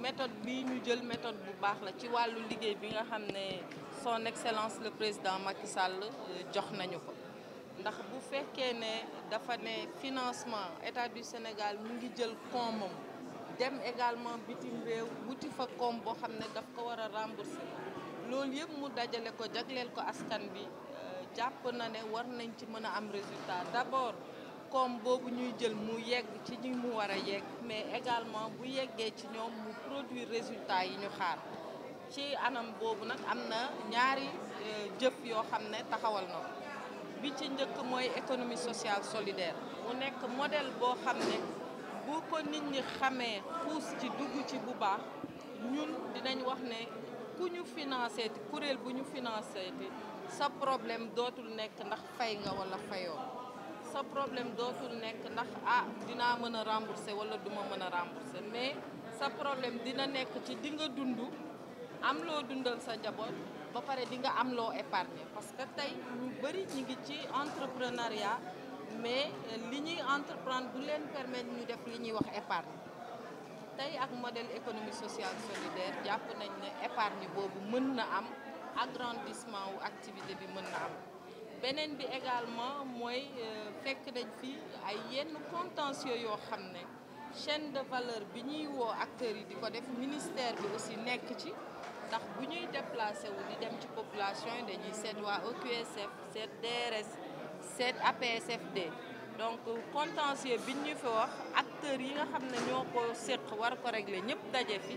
méthode bi ñu jël méthode bu baax la ci walu liggéey bi nga xamné son excellence le président Macky Sall euh, jox nañu ko ndax bu fekkee né dafa né financement état du Sénégal mu ngi jël koomam dem également bitim réew wuti fa koom boo xam daf ko wara rembourser lool yépp mu dajalé ko jagleel ko askan bi euh, japp na ne war nañ ci mëna am résultat d'abord koom boobu ñuy jël mu yegg ci ñi mu war yegg mais également bu yeggee ci ñom mu produire résultat yi ñu xaar ci anam bobu nak amna ñaari euh, jëf yo xam taxawal na bi ci njëkk moy économie sociale solidaire mu nekk modèle bo xam ne bu ko nit ñi xamé xuus ci dugg ci bu baax ñun dinañ wax né ku ñu financé te kuréel bu ñu financé te sa problème dootul nekk ndax fay nga wala fayoo sa problème dootul nekk ndax ah dinaa mën a rembourser wala duma mën a rembourser mais sa problème dina nekk ci di nga dund am loo dundal sa njaboot ba pare di nga am loo épargné parce que tey ñu bëri ñi ngi ci entrepreneuriat mais euh, li ñuy entreprendre du leen permettre ñu def li ñuy wax épargne tey ak modèle économie sociale solidaire jàpp nañ ne épargne boobu mën na am agrandissement wu activité bi mën na am benen bi également moy euh, fekk nañ fi ay yenn contentieux yo xamné chaîne de valeur bi ñuy wo acteurs yi diko def ministère bi aussi nekk ci ndax bu ñuy déplacer wu di dem ci population yi dañuy seet waa OQSF e set DRS set APSFD donc contentieux bi ñu fi wax acteurs yi nga xamné ñoko ñoo war ko régler ñëpp dajé fi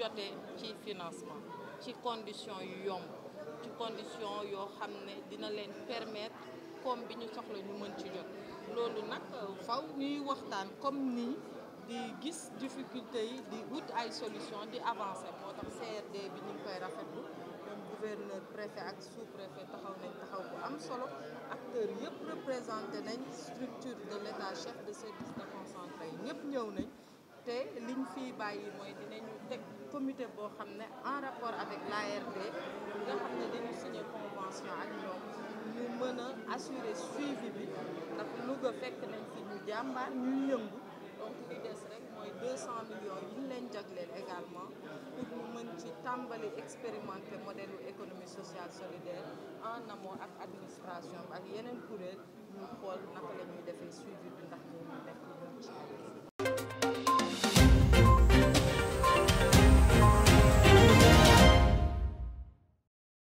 jotee ci financement ci conditions yu yomb ci conditions yo xamné dina leen permettre comme biñu soxla ñu mën ci jot lolu nak euh, faw ñuy waxtaan comme ni di gis difficulté yi di wut ay solution di avancer motax CRD bi ñu koy rafetlu ñoom gouverneur préfet ak sous-préfet taxaw nañ taxaw bu am solo acteurs yëpp représenté nañ structure de l'état chef de service te liñ fii bàyyi mooy dinañu teg comité en rapport avec l'ARD Nous avons signé une convention ak nous ñu mën assurer suivi bi ndax Louga fekk nañ fi ñu donc li des rek 200 millions yi leen également pour nous mën ci tàmbali expérimenter modèle économie sociale solidaire en amont ak administration ak yeneen kuréel ñu xool naka la ñuy defee suivi